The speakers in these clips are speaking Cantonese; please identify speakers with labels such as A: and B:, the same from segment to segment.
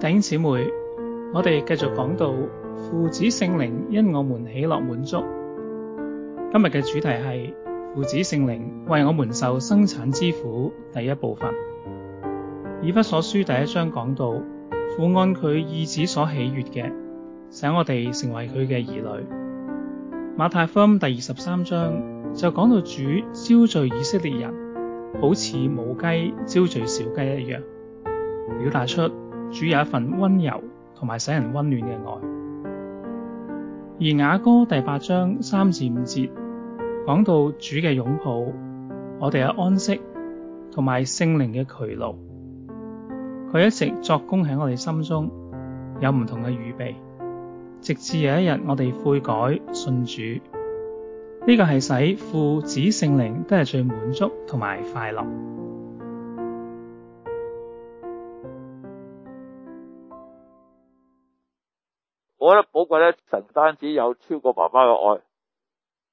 A: 弟兄姊妹，我哋繼續講到父子聖靈因我們喜樂滿足，今日嘅主題係父子聖靈為我們受生產之苦，第一部分。以弗所書第一章講到父按佢意旨所喜悦嘅，使我哋成為佢嘅兒女。馬太福音第二十三章就講到主招聚以色列人，好似母雞招聚小雞一樣，表達出，主有一份溫柔同埋使人溫暖嘅愛，而雅歌第八章三至五節講到主嘅擁抱，我哋嘅安息同埋聖靈嘅劬勞，佢一直作工喺我哋心中有唔同嘅預備，直至有一日我哋悔改信主，呢個係使父子聖靈都係最滿足同埋快樂。
B: 我覺得寶貴咧，唔單止有超過媽媽嘅愛，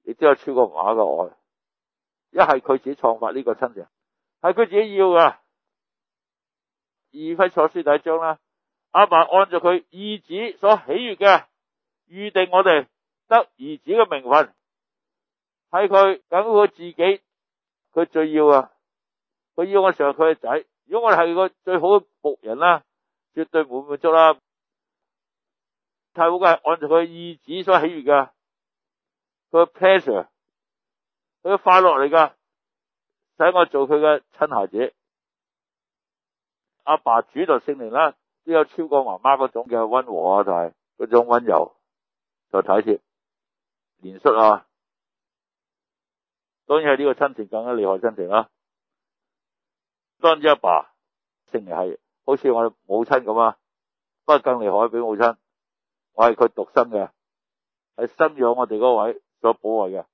B: 亦都有超過爸爸嘅愛。
A: 一係佢
B: 自己創發呢個親情，係佢自己要嘅。以弗所書第一章啦，阿嫲按住佢兒子所喜悦嘅預定，我哋得兒子嘅名分，係佢等佢自己，佢最要啊。佢要我時候，佢嘅仔。如果我哋係個最好嘅僕人啦，絕對唔會滿足啦。太古係按照佢意旨所喜悅噶，佢嘅 pleasure 佢嘅快樂嚟噶。使我做佢嘅親孩子，阿爸主就聖靈啦，都有超過媽媽嗰種嘅溫和啊，就係嗰種溫柔。就睇住，憐恤啊。當然係呢個親情更加厲害，親情啦。當阿爸聖靈係，好似我母親咁啊，不過更厲害俾母親。我係佢獨生嘅，係生養我哋嗰位，所保衛嘅。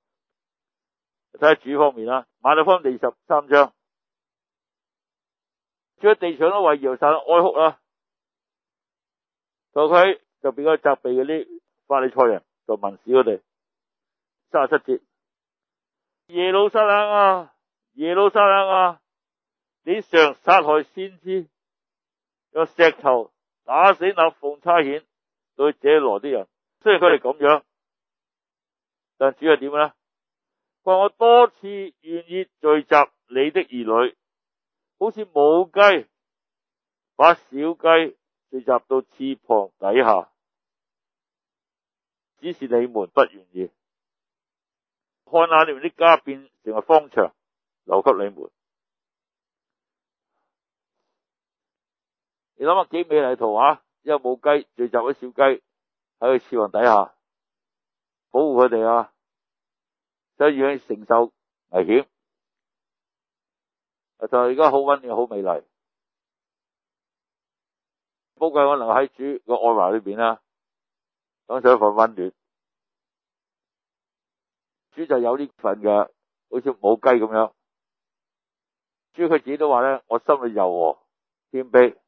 B: 睇下主方面啦，《馬太福音》二十三章，住喺地上都毀掉，散哀哭啦。就佢就比較責備嗰啲法利賽人，就問示我哋三十七節：節耶路撒冷啊，耶路撒冷啊，你常殺害先知，用石頭打死那奉差遣。對耶羅啲人，雖然佢哋咁樣，但主要係點呢？話我多次願意聚集你的兒女，好似母雞把小雞聚集到翅膀底下，只是你們不願意。看下你們啲家變成個荒場，留給你們。你諗下幾美麗圖畫。因為母雞聚集咗，啲小雞喺佢翅膀底下保護佢哋啊，所以願意承受危險。就係而家好溫暖，好美麗，估計可能喺主個愛懷裏邊啦，享受一份溫暖。主就有呢份嘅，好似母雞咁樣。主佢自己都話咧，我心裏柔和謙卑。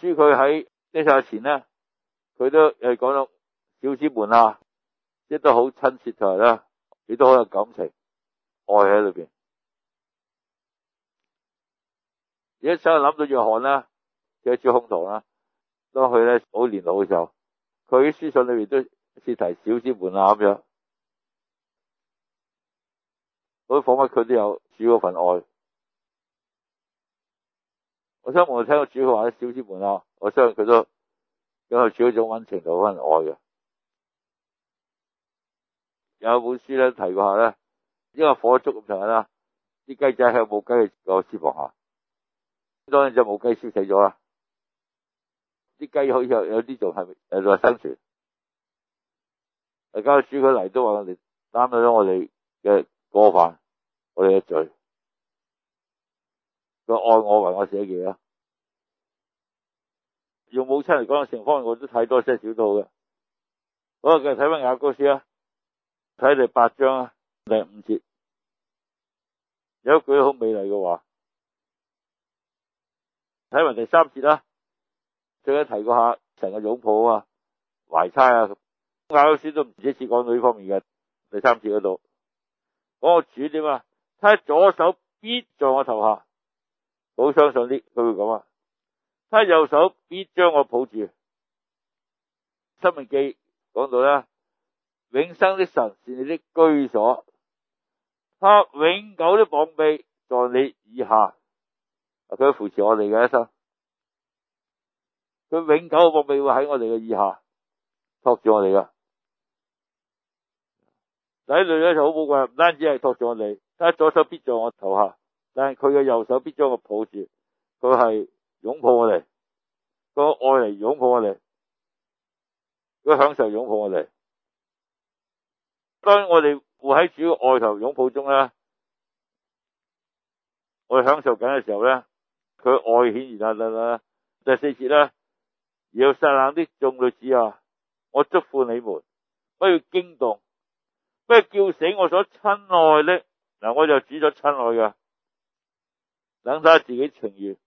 B: 書佢喺呢世前咧，佢都誒講到小子們啊，即係都好親切同埋啦亦都好有感情愛喺裏邊。而家想諗到約翰啦，係朱空堂啦，當佢咧好年老嘅時候，佢喺書信裏面都涉提小子們啊咁樣，佢啲彷彿佢都有少咗份愛。我相信我聽到主話咧，小子們啊，我相信佢都因為主要一種溫情就一種愛嘅。有本書咧提過下咧，因為火燭咁上下啦，啲雞仔喺冇雞嘅翅膀下，當然就冇雞燒死咗啦。啲雞好似有有啲仲係誒仲生存。誒、那個，家主佢嚟都話你哋擔到咗我哋嘅過犯，我哋一聚。佢愛我，為我寫嘢啦。用母親嚟講嘅情況，我都睇多些少到嘅。好啊，繼續睇翻雅歌書啊，睇第八章啊，第五節有一句好美麗嘅話。睇埋第三節啦，最緊提過一下成嘅擁抱啊，懷差啊，雅歌書都唔止一次講到呢方面嘅，第三節嗰度講個主點啊，他左手喐在我頭下。好相信啲，佢會咁啊！他右手必將我抱住。申命記講到咧，永生的神是你的居所，他永久的膀臂在你以下。佢扶持我哋嘅一生，佢永久嘅膀臂會喺我哋嘅以下托住我哋嘅。仔女咧就好寶貴，唔單止係托住我哋，他左手必在我頭下。但係佢嘅右手必將我抱住，佢係擁抱我哋，佢愛嚟擁抱我哋，佢享受擁抱我哋。當我哋活喺主要愛頭擁抱中咧，我哋享受緊嘅時候咧，佢愛顯現啦啦啦。第四節咧，耶路撒冷啲眾女子啊，我囑咐你們，不要驚動，不要叫醒我所親愛咧。嗱，我就指咗親愛噶。等翻自己情願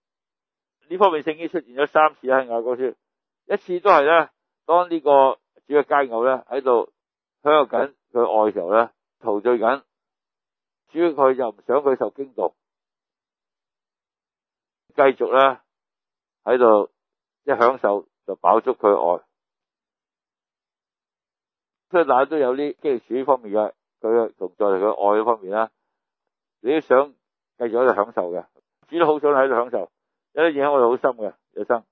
B: 呢方面聖經出現咗三次喺《雅歌書》，一次都係咧，當呢個主嘅佳偶咧喺度享受緊佢愛嘅時候咧，陶醉緊，主要佢就唔想佢受驚動，繼續咧喺度一享受就飽足佢愛，所以那都有啲經典方面嘅佢同在佢愛嘅方面啦。你要想繼續喺度享受嘅。主都好想喺度享受，有啲嘢我哋好深嘅，有生。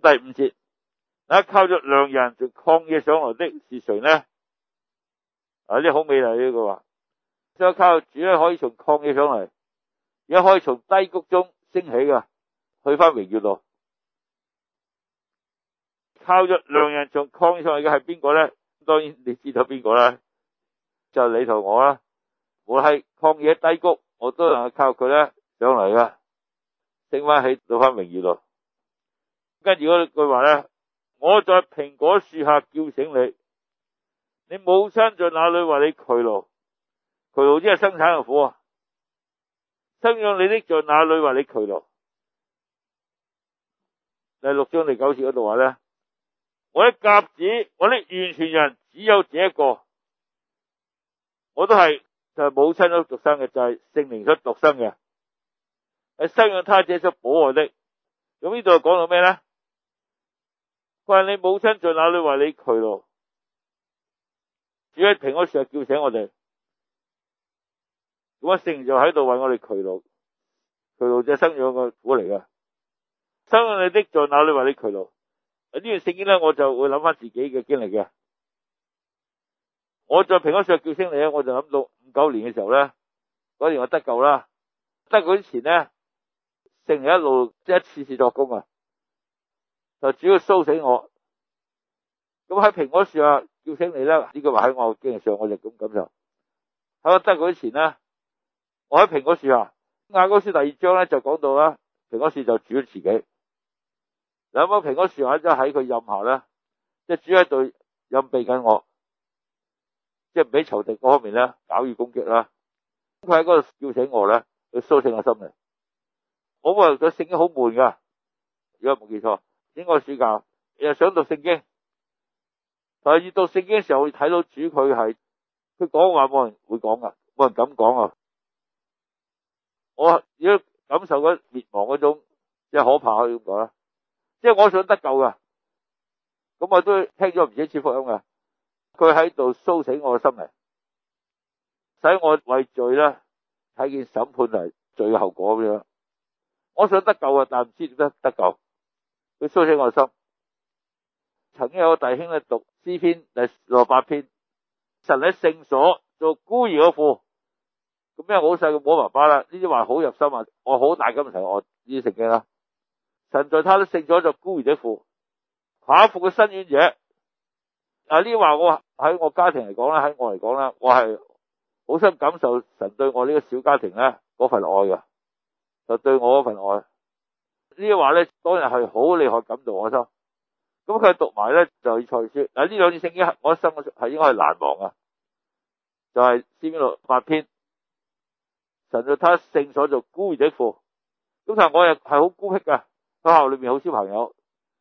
B: 咁第五節，嗱，靠咗良人從曠野上來的，是誰呢？啊，啲好美麗嘅句話，即係靠主咧，可以從曠野上嚟，而家可以從低谷中升起噶，去翻榮耀路。靠咗良人從曠野上嚟嘅係邊個咧？當然你知道邊個啦，就係你同我啦。我係曠野低谷，我都能夠靠佢咧。上嚟噶，清翻起，到翻名言咯。跟住嗰句話咧，我在蘋果樹下叫醒你，你母親在哪裏，話你劬勞，劬勞即係生產嘅苦啊，生養你的在哪裏，話你劬勞。第六章第九節嗰度話咧，我啲鴿子，我啲完全人只有這一個，我都係就係母親都獨生嘅，就係聖靈出獨生嘅。就是係生養他者，所寶愛的，咁呢度講到咩咧？佢話你母親在那裡為你劬勞，主喺蘋果樹叫醒我哋，咁啊聖就喺度為我哋劬勞，劬勞只生養個苦嚟嘅，生養你的在那裡為你劬勞？呢段聖經咧，我就會諗翻自己嘅經歷嘅，我在蘋果樹叫醒你咧，我就諗到五九年嘅時候咧，嗰年我得救啦，得救之前咧。聖靈一路即係次次作工啊，就主要蘇醒我。咁喺蘋果樹下叫醒你咧，呢句話喺我經歷上我就咁感受，喺我得嗰啲前咧。我喺蘋果樹下雅歌書第二章咧就講到啦，蘋果樹就主要自己。兩棵蘋果樹喺就喺佢蔭下咧，即係主喺度蔭庇緊我，即係唔俾仇敵嗰方面咧搞預攻擊啦。佢喺嗰度叫醒我咧，佢蘇醒我心靈。我覺得聖經好悶噶，如果冇記錯，應該暑假又想讀聖經，但係越讀聖經嘅時候，會睇到主佢係，佢講話冇人會講噶，冇人敢講啊！我如果感受咗滅亡嗰種即係可怕，可以咁講啦。即係我想得救噶，咁我都聽咗唔少次福音噶，
A: 佢喺
B: 度蘇醒我嘅心靈，使我畏罪啦，睇見審判嚟，最後果咁樣。我想得救啊，但唔知點樣得救。佢蘇醒我心，曾經有一個弟兄咧讀詩篇第六八篇，神喺聖所做孤兒嘅父，咁因為,我好細嘅冇爸爸啦。呢啲話好入心啊，我好大咁問我呢聖經啦，神在他都聖所做孤兒嘅父，寡婦嘅伸冤者啊，呢啲話我喺我家庭嚟講啦，喺我嚟講啦，我係好深感受神對我呢個小家庭咧嗰份愛嘅。就對我嗰份愛，呢啲話咧，當日係好厲害感動我心。咁佢讀埋咧就以賽書嗱，呢兩句聖經我一生係應該係難忘啊。就係詩篇六八篇。神在他聖所做孤兒的父，咁但係我又係好孤僻噶，學校裏面好少朋友。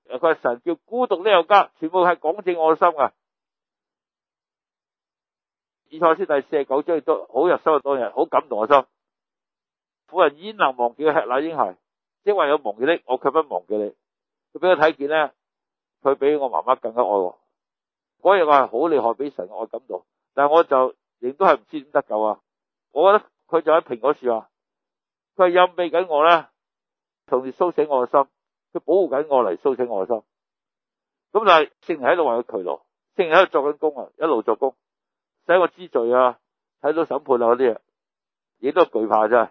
B: 佢神叫孤獨的有家，全部係講正我心啊。以賽書第四十九章都好入心，當日好感動我心。冇人焉能忘記佢吃奶嬰孩，即或有忘記你，我卻不忘記你。佢俾我睇見咧，佢比我媽媽更加愛我。嗰日我係好厲害俾神嘅愛感動，但係我就亦都係唔知點得救啊！我覺得佢就喺蘋果樹啊，佢蔭庇緊我咧，同時蘇醒我嘅心，佢保護緊我嚟，蘇醒我嘅心。咁但係聖靈喺度為佢劬勞，聖靈喺度作緊工啊，一路作工，使我知罪啊，睇到審判啊嗰啲嘢，亦都懼怕真係。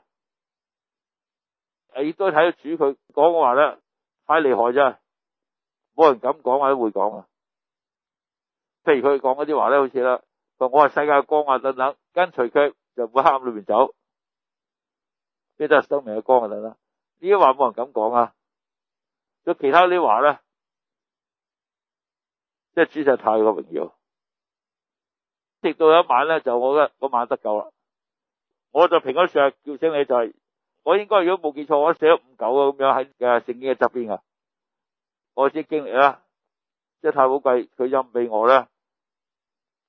B: 你都睇到主佢講嘅話咧，太厲害啫，冇人敢講，或者會講啊。譬如佢講嗰啲話咧，好似啦，我係世界光啊等等，跟隨佢就唔會黑暗裏面走，呢就係生命嘅光啊等等。呢啲話冇人敢講啊。咁其他啲話咧，即係主就太過榮耀。直到有一晚咧，就我覺得嗰晚得救啦。我在蘋果樹下叫醒你就係。我應該如果冇記錯，我寫咗五九啊，咁樣喺嘅聖經嘅側邊噶，我先經歷啦，即係太寶貴，佢蔭庇我啦，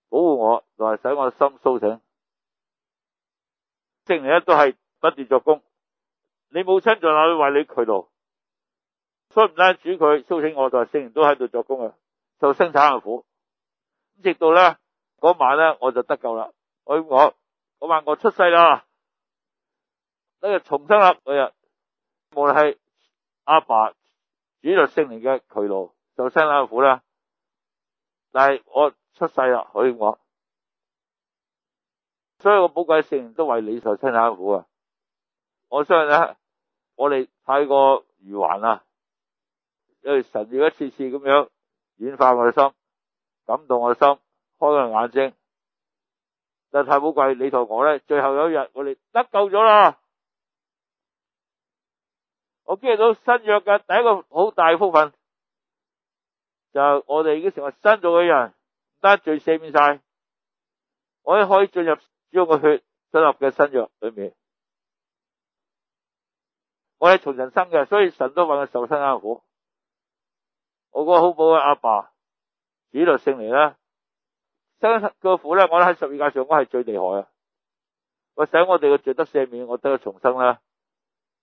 B: 保護我，同埋使我心蘇醒。聖靈咧都係不斷作工，你母親仲喺度為你劬勞，所以唔單止佢蘇醒我，就係聖靈都喺度作工嘅，受生產嘅苦。咁直到咧嗰、那個、晚咧，我就得救啦。我我、那個、晚我出世啦。今日重生啦！日無論係阿爸主就聖靈嘅劬勞受生產之苦啦，但係我出世啦，可以講，所以我寶貴聖靈都為你受生產之苦啊！我相信咧，我哋太過愚頑啦，因為神要一次次咁樣演化我嘅心，感動我嘅心，開我嘅眼睛，但太寶貴，你同我咧，最後有一日，我哋得救咗啦。我經歷到新約嘅第一個好大嘅福分，就係我哋已經成為新造嘅人，唔單罪赦免晒，我哋可以進入主嘅血進入嘅新約裏面。我係從神生嘅，所以神都話我受生嘅苦。我個好苦嘅阿爸，主律聖嚟啦，受嘅苦咧，我咧喺十字架上我係最厲害啊！佢，使我哋嘅罪得赦免，我得重生啦。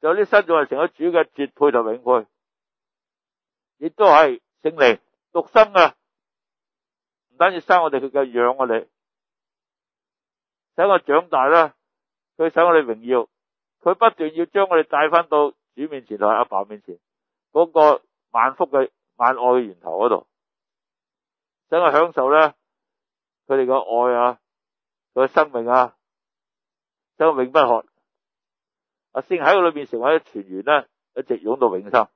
B: 有啲新仲係成咗主嘅絕配同永配，亦都係聖靈獨生嘅。唔單止生我哋，佢嘅養我哋，使我長大咧，佢使我哋榮耀，佢不斷要將我哋帶翻到主面前同阿爸面前嗰個萬福嘅萬愛嘅源頭嗰度，使我享受咧佢哋嘅愛啊，佢嘅生命啊，使我永不渴。先喺佢裏面成為一團員一直湧到永生。